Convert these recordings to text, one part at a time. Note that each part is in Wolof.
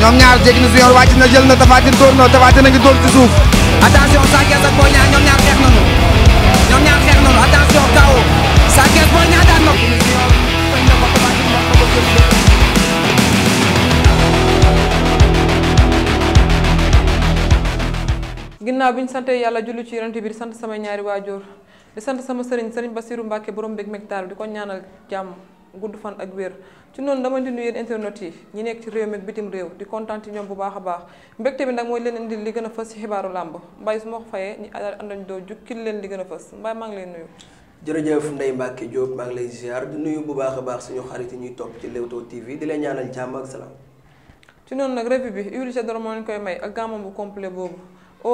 ñoom ñaar jéggi na su yor wàcc na jël na Tapha Tine dóor na Tapha Tine ngi dóor ci suuf attention Sa ak Boy ñaar xeex nañu ñoom ñaar xeex nañu attention kaw Sa Thiès Boy Niang daan na ginnaaw bi ñu sante yàlla jullu ci yonent bi di sant samay ñaari waajur di sant sama sëriñ sëriñ Basiru Mbàkke borom mbég megtaal di ko ñaanal jàmm gudd fan ak wér ci noonu dama di nuyu internet yi ñi nekk ci réew mi ak bitim réew di kontaan ci ñoom bu baax a baax mbégte bi nag mooy leen indil li gën a fas ci xibaaru làmb mbay su ma ko fayee ñu daal àndañ leen li gën a fës mbay maa ngi lay nuyu jërëjëf Ndeye Mbacke Diop maa ngi lay nuyu bu baax a baax suñu xarit yi ñuy topp ci Leewtoo TV di leen ñaanal jàmm ak salaam ci noonu nag revue bi Idrissa Gana moo leen koy may ak gàmmam bu complet boobu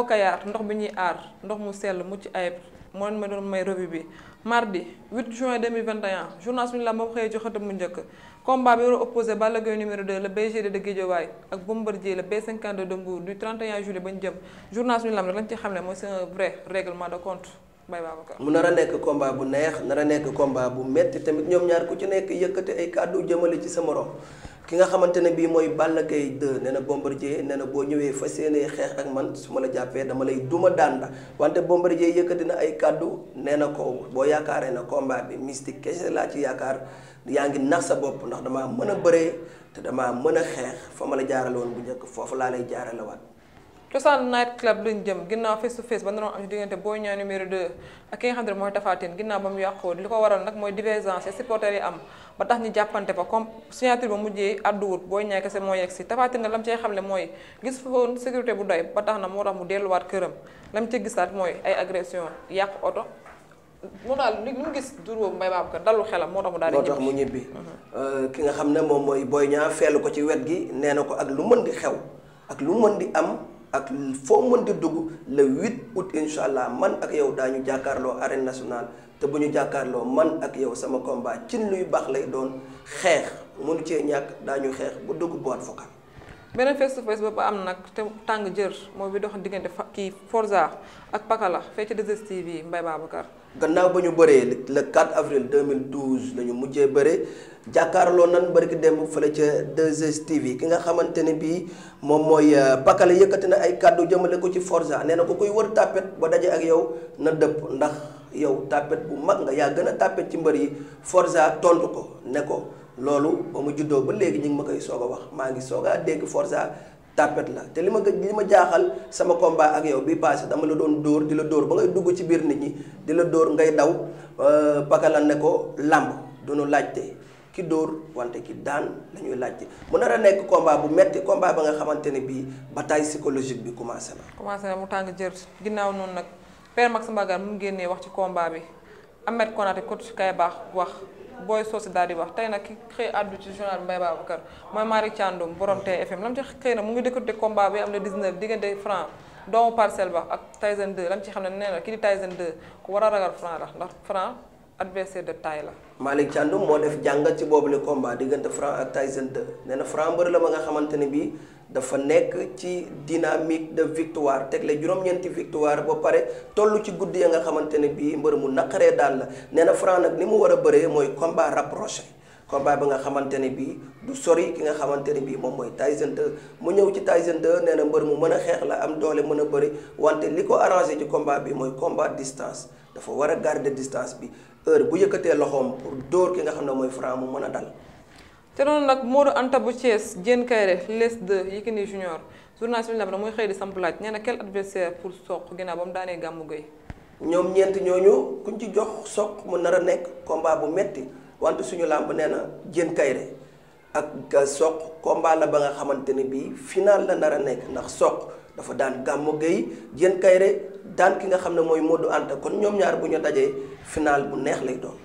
Kayaar ndox bi ñuy aar ndox mu sell mu ci ayib moo leen ma doon may revue bi mardi 8 juin 2021 journal suñu làmb ba xëyee ci xëtam mu njëkk combat bi war a opposé Balla Gaye numéro 2 le BGD de Guédiawaye ak Bombardier le B52 de Mbour du 31 juillet bañ jëm journal suñu làmb rek lañ ci xamle mooy c'est vrai règlement de compte Baye Babacar. mu nar a nekk combat bu neex nar a nekk combat bu metti tamit ñoom ñaar ku ci nekk yëkkati ay kàddu jëmale ci sa morom. ki nga xamante ne bii mooy Balla Gaye 2 nee na Bombardier nee na boo ñëwee fa yéenee xeex ak man su ma la jàppee dama lay duma daan la wante Bombardier yëkkati na ay kàddu nee na ko boo yaakaaree na combat bi mystique kese laa ci yaakaar yaa ngi nax sa bopp ndax damaa mën a bëree te damaa mën a xeex fa ma la jaarale woon bu njëkk foofu laa lay jaarale waat cosaan night club lañ jëm ginnaaw face to face ba naroon am ci diggante Boy Niang numéro 2 ak ki nga xam ne mooy Tapha Tine ginnaaw ba mu li ko waral nag mooy divergence supporters yi am ba tax ñu jàppante fa comme signature ba mujjee àdduwut moo yegg si Tapha Tine lam cee xam ne mooy gis foon bu doy ba tax na moo tax mu delluwaat këram lam ci gisaat mooy ay agression yàq oto moo daal li mu gis jur ko dalul xelam moo tax mu daal moo tax mu ñibbi mhm. euh, ki nga xam ne moom mooy Boy Niang feelu ko ci wet gi nee na ko ak lu mën di xew ak lu mën di am ak foo mën di dugg le 8 août incha allah man ak yow daañu jàkkaarloo arène nationale te bu ñu jàkkaarloo man ak yow sama combat ci luy baax lay doon xeex mënu cee ñàkk daañu xeex bu dugg boîte vocale. beneen face to face boobu am nag te tàng jër moo bi dox diggante kii Forza ak Pakala fee ci 2STV Mbaye Babacar. gannaaw ba ñu bëree le 4 avril 2012 la ñu mujjee bëre jàkkaarloo nan barki démb fële ca 2STV ki nga xamante ne bii moom mooy euh, Pakala yëkkati na ay kàddu jëmale ko ci forsa nee na ko kuy wër tàppet ba daje ak yow na dëpp ndax yow tàppet bu mag nga yaa gën a tàppet ci mbër yi forsa tontu ko ne ko. loolu ba mu juddoo ba léegi ñu ngi ma koy soog a wax maa ngi soog a dégg Forza tapet la te li ma li ma jaaxal sama combat ak yow bi passé dama la doon dóor di la dóor ba ngay dugg ci biir nit ñi di la dóor ngay daw euh, pakalan ne ko làmb duñu laajte ki dóor wante ki daan la ñuy laajte mu nar a nekk combat bu metti combat ba nga xamante ne bii bataille psychologique bi commencé na. commencé na mu tàng jër ginnaaw noonu nag Père Max Mbargane mu génnee wax ci combat bi Ahmed Konaté coach Kaye baax wax. booy soosi daal di wax tey nag ki xëy àddu ci journal Mbaye Babacar mooy Malick Thiandoum borom TFM lam ci xëy na mu ngi décrypté combat bi am na 19 diggante Franc doomu parcelle ba ak Tyson 2 lam ci xam ne nee na ki di Tyson 2 ku war a ragal Franc la ndax Franc adversaire de taille la. Malick Thiandoum moo def jàngat ci boobu boobule combat diggante Franc ak Tyson 2 de na Franc mbër la ma nga xamante ne bii. dafa nekk ci dynamique de victoire teg la juróom-ñeenti victoire ba pare toll ci guddi ya nga xamante ne bii mbër mu naqaree daal la nee na Franc nag ni mu war a bëree mooy combat rapproché combat ba nga xamante ne bii du sori ki nga xamante ne bii moom mooy Tyson 2 mu ñëw ci Tyson 2 nee na mbër mu mën a xeex la am doole mën a bëri wante li ko arrangé ci combat bi mooy combat distance dafa war a garder distance bi heure bu yëkkatee loxoom pour dóor ki nga xam ne mooy Franc mu mën a dal te loolu nag Modou Anta bu Thiès Diène Kaïré les 2 Yékini Junior journal bi na muy xëy di samp laaj nee na quel adversaire pour Sokh ginnaaw ba mu daanee Gàmmu Gueye ñoom ñeent ñooñu kuñ ci jox Sokh mu nar a nekk combat bu metti wante suñu làmb nee na Diène Kaïré ak Sokh combat la ba nga xamante ne bii final la nar a nekk ndax Sokh dafa daan Gàmmu Gueye jën Kaïré daan ki nga xam ne mooy Modou Anta kon ñoom ñaar bu ñu dajee final bu neex lay doon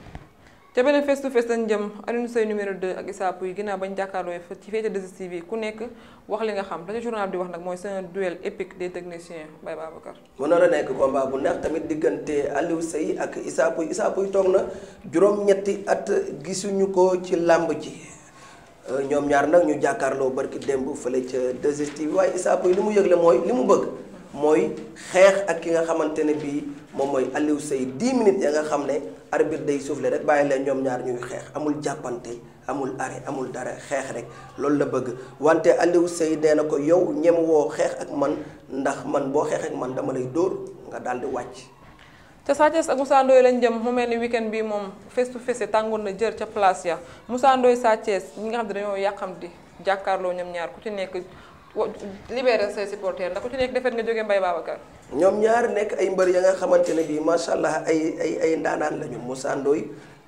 ca beneen face to face lañ jëm Alioune Seye numéro 2 ak Issa Pouye ginnaaw bañ jàkkaarloo ci féete 2STV ku nekk wax li nga xam la ca journal bi wax nag mooy seen duel épique des techniciens Baye Babacar. mën na la nekk combat bu neex tamit diggante Alioune Seye ak Issa yi Issa yi toog na juróom-ñetti at gisuñu ko ci làmb ji euh, ñoom ñaar nag ñu jàkkaarloo barki démb fële ca 2STV waaye Issa Pouye li mu yëgle mooy li mu bëgg. mooy xeex ak ki nga xamante ne bii moom mooy Aliou Seye 10 minutes ya nga xam ne arbitre day soufflé rek bàyyi leen ñoom ñaar ñuy xeex amul jàppante amul arrêt amul dara xeex rek loolu la bëgg wante Aliou Seye nee na ko yow ñem woo xeex ak man ndax man boo xeex ak man dama lay dóor nga daal di wàcc. ca Sa Thiès ak Moussa Ndoye lañ jëm mu mel ni weekend bi moom face to face tàngoon na jër ca place ya Moussa Ndoye Sa Thiès ñi nga xam ne dañoo yàqamti jàkkaarloo ñoom ñaar ku ci nekk. libérer say supporters ndax ku ci nekk defet nga jógee Mbaye Babacar. ñoom ñaari nekk ay mbër ya nga xamante ne bii macha allah ay ay ay ndaanaan lañu Moussa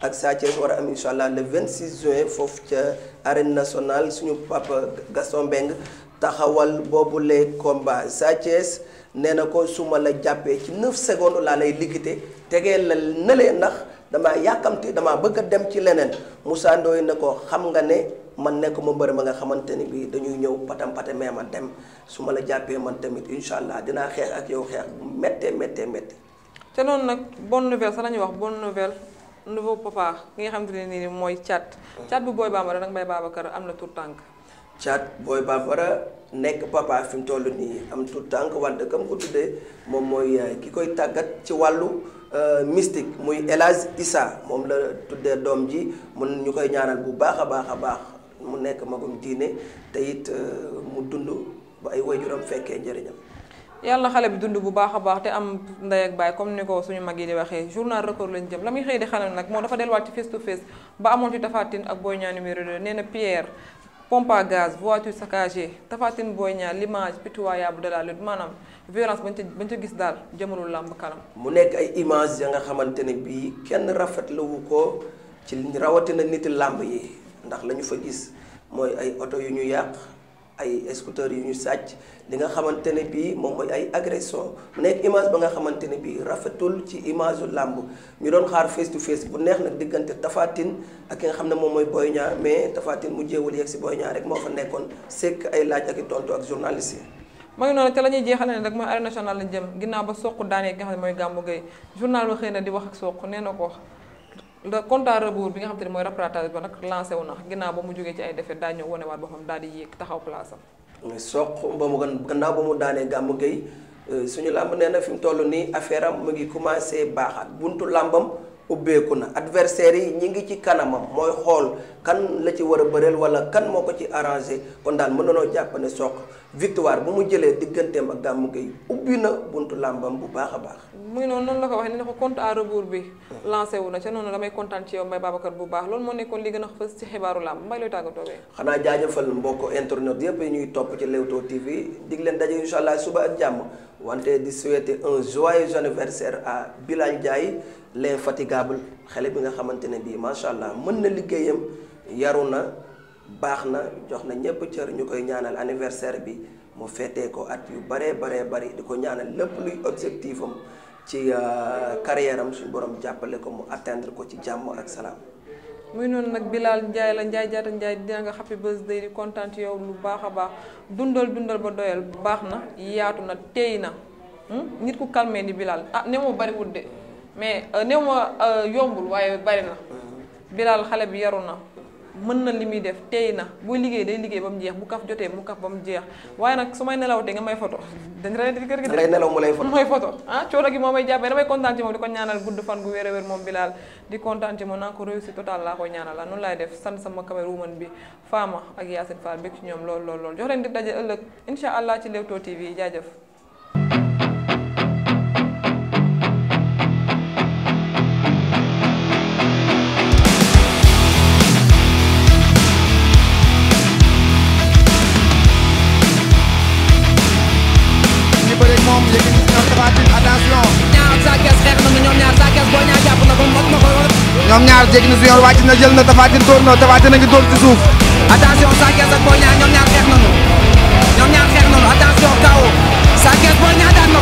ak Sa war a am incha allah le 26 juin foofu ca arène nationale suñu papa Gaston Mbengue taxawal boobule combat Sa Thiès nee na ko su ma la jàppee ci 9 secondes laa lay liquider tegeel la nële ndax dama yàkkamti damaa bëgg a dem ci leneen Moussa na ko xam nga ne. man nekk ma mbër ma nga xamante ni bi dañuy ñëw patam patam mais ma dem su ma la jàppee man tamit incha allah dinaa xeex ak yow xeex bu méttee méttee méttee. te noonu nag bon nouvelle sax la ñuy wax bon nouvelle nouveau papa ki nga xamante ne nii mooy Thiat. Thiat bu Boy Bambara nag Mbaye Babacar am na tur tànk. Thiat Boy Bambara nekk papa fi mu toll nii am tur tànk wante comme ko tuddee moom mooy euh, ki koy tàggat ci wàllu. Euh, mystique muy El Issa moom la tuddee doom ji mun ñu koy ñaanal bu baax a baax a baax mu nekk magum diine te it euh, mu dund ba ay waajuram fekkee njëriñam. yàlla xale bi dund bu baax a baax te am ndey ak baay comme ni ko suñu mag yi di waxee journal record lañ jëm la muy xëy di xelal nag moo dafa delluwaat ci face to face ba amoon ci Tapha Tine ak Boy Niang numéro 2 nee na Pierre pompe à gaz voiture saccagée Tapha Tine Boy Niang l'image pitoyable de la lutte maanaam violence bañ ca bañ ca gis daal jëmalul làmb kanam. mu nekk ay image ya nga xamante ne bii kenn rafetlawu ko ci rawatina nit làmb yi. ndax lañu fa gis mooy ay oto yu ñu yàq ay scooters yu ñu sàcc li nga xamante ne bii moom mooy ay agression nekk image ba nga xamante ne bii rafetul ci image u làmb ñu doon xaar face to face bu neex na diggante Tafatine ak ki nga xam ne moom mooy Boy Niang mais Tafatine mu jéewul yegg si Boy Niang rek moo fa nekkoon sekk ay laaj ak i tontu ak journaliste yi. ma la ñuy jeexale ne rek mooy arène nationale lañ jëm ginnaaw ba soq daanee ki nga xam ne mooy Gamou Gueye journal ba xëy na di wax ak soq nee na ko. ndax compte à rebours bi nga xam te ne mooy rattrapage ba nag lancé wu na ginnaaw ba mu jógee ci ay défaite daa ñëw wanewaat boppam daal di yéeg taxaw place am. soq ba mu gannaaw ba mu daanee gàmm gay euh, suñu làmb nee na fi mu toll nii affaire am mu ngi commencé baaxaat buntu làmbam. ubbeeku na adversaire yi ñi ngi ci kanamam mooy xool kan la ci war a bëreel wala kan moo ko ci arranger kon daal mën nanoo jàpp ne Sokh victoire bu mu jëlee digganteem ak Gamou Gueye ubbi na buntu làmbam bu baax a baax mu ngi noonu noonu la ko waxee ne na ko compte à rebours bi lancé wu na ca noonu damay kontaan ci yow Mbaye Babacar bu baax loolu moo nekkoon li gën a fës ci xibaaru làmb mbay looy tàggatoo bee xanaa jaajëfal mbokk internet yépp yi ñuy topp ci Leewtoo TV dig leen daje incha suba ak jàmm wante di souhaiter un joyeux anniversaire à Bilal Ndiaye l'infatigable xale bi nga xamante ne bii macha allah mën na liggéeyam yaru na baax na jox na ñëpp cër ñu koy ñaanal anniversaire bi mu feetee ko at yu baree baree bari di ko ñaanal lépp luy objectif am ci euh, carrière am suñu borom jàppale ko mu atteindre ko ci jàmm ak salaam. muy noonu nag Bilal Ndiaye la Ndiaye jaata Ndiaye dina nga happy birthday di kontaan ci yow lu baax a baax dundal dundal ba doyal baax na yaatu na téy na hmm? nit ku calme ni Bilal ah néew ma bariwul de mais euh, néew ma euh, yombul waaye bari na bilaal xale bi yaru na. mën na li muy def tey na boo liggéey day liggéey ba mu jeex bu kaf jotee mu kaf ba mu jeex waaye nag su may nelaw te nga may photo dañ nelaw mu lay photo ah coono gi moo may jàppee damay kontaan moom di ko ñaanal gudd fan gu wér a wér moom Bilal di kontaan moom naa ko réussite totale laa koy ñaanal la noonu laay def sant sama caméra woman bi Fama ak Yacine Fall bég ci ñoom lool lool lool jox leen di daje ëllëg incha allah ci Leewtoo TV jaajëf violence non ñaar saakees xeex na ñoom ñaar saakees si yoon wàcc jël na tafaatin dóor na tafaatin ngi dóor ci suuf attention ñoom ñaar xeex nañu ñoom ñaar xeex nañu attention kaw saakees boo ñaar daan na